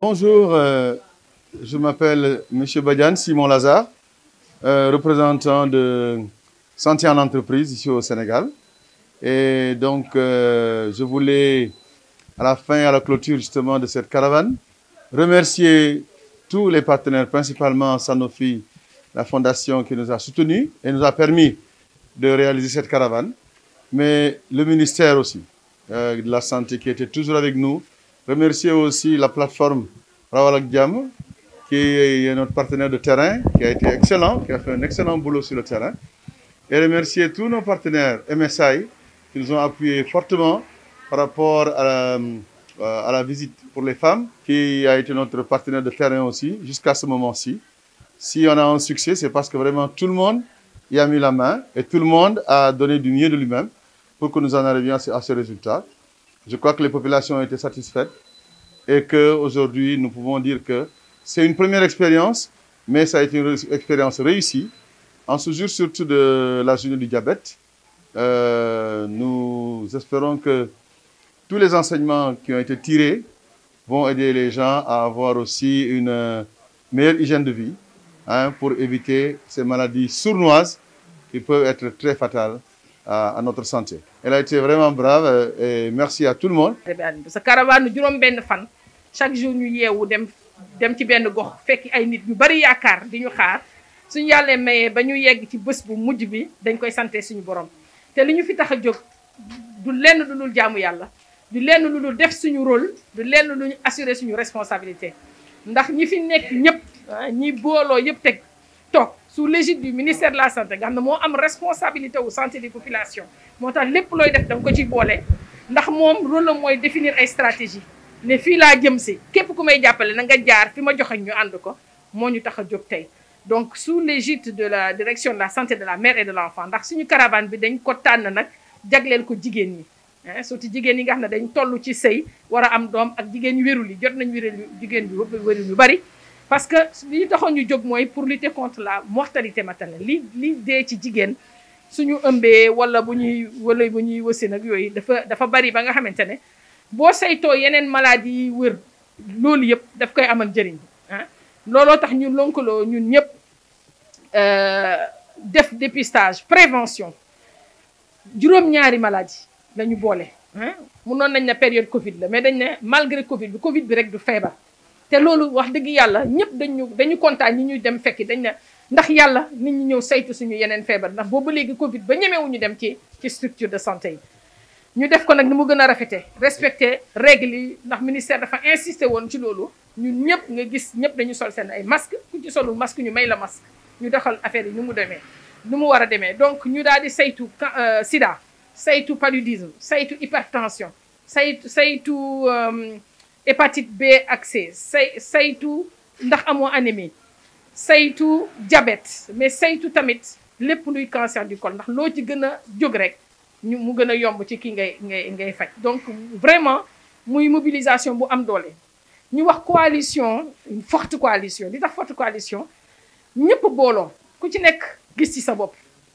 Bonjour, euh, je m'appelle M. Badian Simon Lazare, euh, représentant de Santé en entreprise ici au Sénégal. Et donc, euh, je voulais, à la fin, à la clôture justement de cette caravane, remercier tous les partenaires, principalement Sanofi, la fondation qui nous a soutenus et nous a permis de réaliser cette caravane, mais le ministère aussi euh, de la Santé qui était toujours avec nous. Remercier aussi la plateforme Rawalak Diam, qui est notre partenaire de terrain, qui a été excellent, qui a fait un excellent boulot sur le terrain. Et remercier tous nos partenaires MSI qui nous ont appuyés fortement par rapport euh, à la visite pour les femmes, qui a été notre partenaire de terrain aussi jusqu'à ce moment-ci. Si on a un succès, c'est parce que vraiment tout le monde il a mis la main et tout le monde a donné du mieux de lui-même pour que nous en arrivions à ce résultat. Je crois que les populations ont été satisfaites et qu'aujourd'hui, nous pouvons dire que c'est une première expérience, mais ça a été une expérience réussie. En ce jour surtout de la journée du diabète, euh, nous espérons que tous les enseignements qui ont été tirés vont aider les gens à avoir aussi une euh, meilleure hygiène de vie, hein, pour éviter ces maladies sournoises qui peuvent être très fatales à, euh, à notre santé. Elle a été vraiment brave euh, et merci à tout le monde. Ce caravane juróom benn fan chaque jour ñu yeewu dem dem ci benn gox fekk ay nit ñu bari yaakaar di ñu xaar suñu yàlla mayee ba ñu yegg ci bés bu mujj bi dañ koy sante suñu borom te li ñu fi tax a jóg du lenn lu dul jaamu yàlla du lenn du dul def suñu rôle du lenn lu ñu assurer suñu responsabilité ndax ñi fi nekk ñëpp ñi ah, booloo yëpp teg toog sous l'égide du ministère de la santé nga xam ne am responsabilité wu santé des populations moo tax lépp looy def danga ko ciy boole ndax moom rôle mooy définir ay stratégie ne fii laa jëm si képp ku may jàppale na nga jaar fi ma joxe ñu ànd ko moo ñu tax a jóg donc sous l'égide de la direction de la santé de la mère et de l'enfant ndax suñu caravane bi dañ ko tànn nag jagleel ko jigéen ñi hein, surtout jigéen yi nga xam ne dañ toll ci sëy war am doom ak jigéen wérul yi jot nañ wérul jigéen bi wérul yu bari parce que li taxone ñu jog moy pour lutter contre la mortalité maternelle li li dee ci jigéen suñu ëmbé wala buñuy wala buñuy wëssé nak yoy dafa dafa bari ba nga xamante bo sayto yenen maladie yi wër lool yëpp daf koy amal jëriñ hein ah. looloo tax ñu lonkaloo ñun ñëpp euh def dépistage prévention juróom-ñaari maladie la ñu hein ah. mënon nañ na période Covid la mais dañ né malgré Covid bi Covid bi rek du fièvre te loolu wax deug yalla ñepp dañu dañu kontaan ñi ñuy dem fekk dañ na ndax yalla nit ñi ñew saytu suñu yenen febar ndax boobu ba léegi Covid ba ñëmé wuñu dem ci ci structure de santé ñu def ko nak ni mu gëna rafété rafetee respecté règle yi ndax ministère dafa insisté won ci loolu ñun ñëpp nga gis ñëpp dañu sol sen ay masque ku ci solu masque ñu may la masque ñu doxal affaire yi ni mu démé ni mu wara démé donc ñu daal di saytu euh, sida saytu paludisme saytu hypertension saytu saytu. Euh, hépatite B ak C say saytu ndax amoo anémie saytu diabète mais saytu tamit lépp luy cancer du col ndax loo ci gën a jóg rek ñu mu gën a yomb ci ki ngay ngay ngay faj donc vraiment muy mobilisation bu am doole ñu wax coalition une forte coalition li tax forte coalition ñëpp booloo ku ci nekk gis ci sa bopp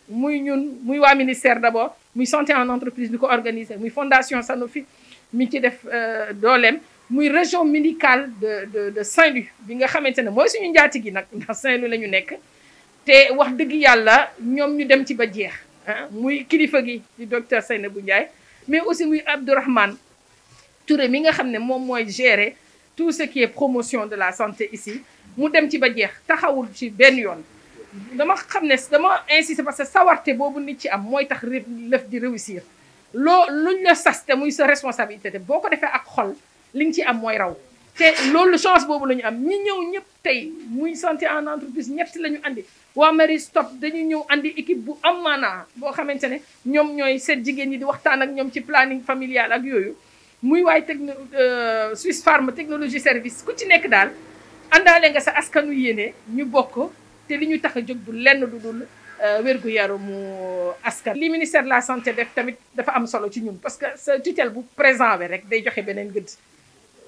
muy ñun muy waa ministère d'abord muy santé en entreprise bi ko organiser muy fondation Sanofi mi ci def euh, dooleem muy région médicale de de de Saint-Louis bi nga xamantene moy suñu njaati gi ndax Saint-Louis lañu nek té te wax dëgg Yalla ñom ñu dem ci ba jeex hein muy kilifa gi di docteur Seynabou Ndiaye mais aussi muy Abdourahmane Touré mi nga xamné mom moy gérer tout ce qui est promotion de la santé ici mu dem ci ba jeex taxawul ci ben yoon dama xamné dama insister parce que sawarté bobu nit ci am moy tax leuf di réussir Lo luñ la sas te muy sa responsabilité boko défé ak xol li nga ci am mooy raw te loolu chance boobu la ñu am ñi ñëw ñëpp tey muy santé en entreprise ñett la ñu andi waa Marie Stop dañu ñëw andi équipe bu am maanaa boo xamante ne ñoom ñooy seet jigéen ñi di waxtaan ak ñoom ci planning familial ak yooyu muy waay techno euh, Suisse Pharma technologie service ku ci nekk daal àndaale nga sa askanu yéene ñu bokk te li ñu tax a jóg du lenn du dul euh, wérgu yaramu euh, askan. li ministère de la santé def tamit dafa am solo ci ñun parce que sa tutelle bu présent rek day joxe beneen gëdd.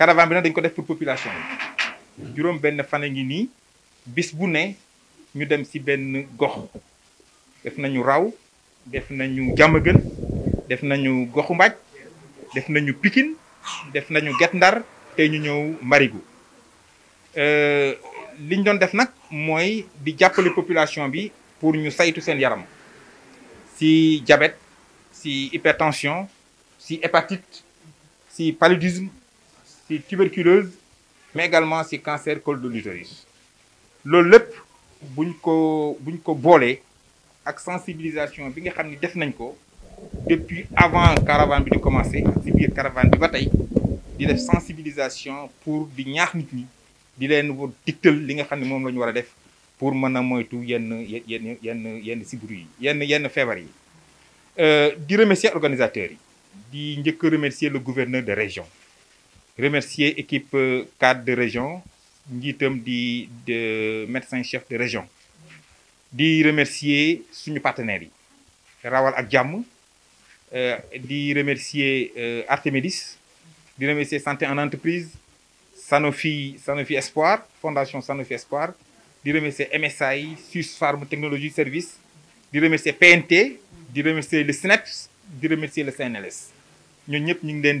caravane bi nag dañ ko def pour population juroom juróom benn fan ngi nii bis bu ne ñu dem ci benn gox def nañu raw def nañu jàmmagën def nañu goxu mbaaj def nañu pikin def nañu get ndar ñu ñëw Marigu euh, li doon def nag mooy di jàppale population bi pour ñu saytu seen yaram Si diabète si hypertension si hépatite si paludisme si tuberculose mais également si cancer col de l'utérus Le LEP, buñ ko buñ ko ak sensibilisation bi nga xamni def nañ ko depuis avant caravane bi di commencer caravane bi Bataille, di def sensibilisation pour di ñaax nit ñi di leen mon li nga xamni mom lañu wara def pour mëna a moytu yenn yenn yenn yenn sibiru yi yenn yenn euh, di remercier organisateurs di remercier le gouverneur de région remercier l'équipe cadre de région njiitam di de médecin chef de région di remercier suñu partenaire, Rawal ak euh, remercier euh, Artemidis di remercier santé en entreprise Sanofi Sanofi Espoir fondation Sanofi Espoir di remercier MSI Sus Pharma Technologie Service di remercier PNT di remercier le SNEPS di remercier le CNLS Nous ñëpp ñu leen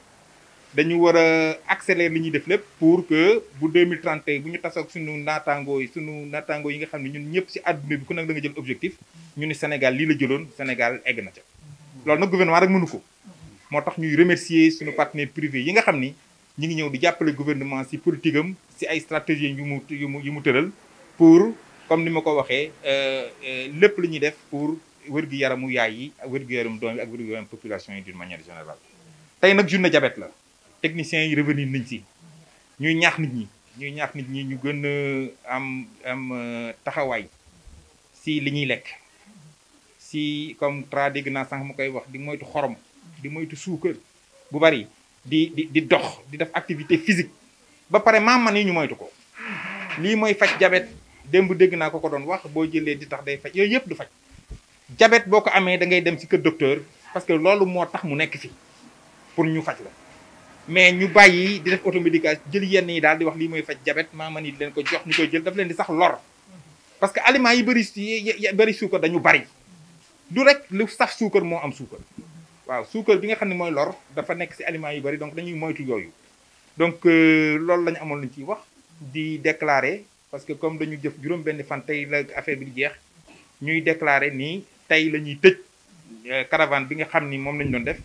dañu war a li ñuy def lépp pour que bu 2030 bu ñu tasoog suñu naataangoo yi suñu naataangoo yi nga xam ne ñun ñëpp si àdduna bi ku nekk da nga jël objectif ñu ni Sénégal lii la jëloon Sénégal egg na ca loolu nag gouvernement rek mënu ko moo tax ñuy remercier suñu partenaires privés yi nga xam ni ñu ngi ñëw di jàppale gouvernement si politique am si ay stratégies yu mu yu mu yu mu tëral pour comme ni ma ko waxee euh, euh, lépp li ñuy def pour wér-gu-yaramu yaay yi wér-gu-yaramu doom yi ak population manière générale tey nag journée diabète la techniciens yi revenir nañ si ñuy ñaax nit ñi ñuy ñaax nit ñi ñu gën a am euh, taxawaay si li ñuy lekk si comme tra dégg naa sànq mu koy wax di moytu xorom di moytu suukar bu bari di di di dox di def activité physique ba pare maam-man yi ñu moytu ko lii mooy faj jabet démb dégg naa ko ko doon wax boo jëlee di tax day faj yooyu yëpp du faj jabet boo ko amee da ngay dem si kër docteur parce que loolu moo tax mu nekk fi pour ñu faj la mais ñu bayyi di def automédication jël yenn yi dal di wax li moy fa diabète ma man yi di leen ko jox ni koy jël daf leen di sax lor parce que aliment yi bari ci ya, ya, bari suukar dañu bari du rek lu sax suukar mo am suukar waaw suukar bi nga xamni moy lor dafa nek ci aliment yi bari donc dañuy moytu yoyu donc euh, lool lañ amon amoon luñ ciy wax di déclarer parce que comme dañu jëf juroom benn fan tay la affaire bi jeex ñuy déclarer ni tay lañuy ñuy euh, caravane bi nga xamni mom lañ doon def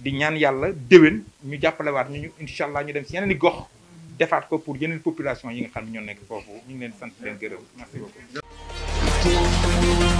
di ñaan yàlla déwén ñu jàppalewaat ñu ñu incha allah ñu dem si yeneen i gox defaat ko pour yeneen population yi nga xam ne ñoo nekk foofu ñu ngi leen sant leen gërëm merci beaucoup.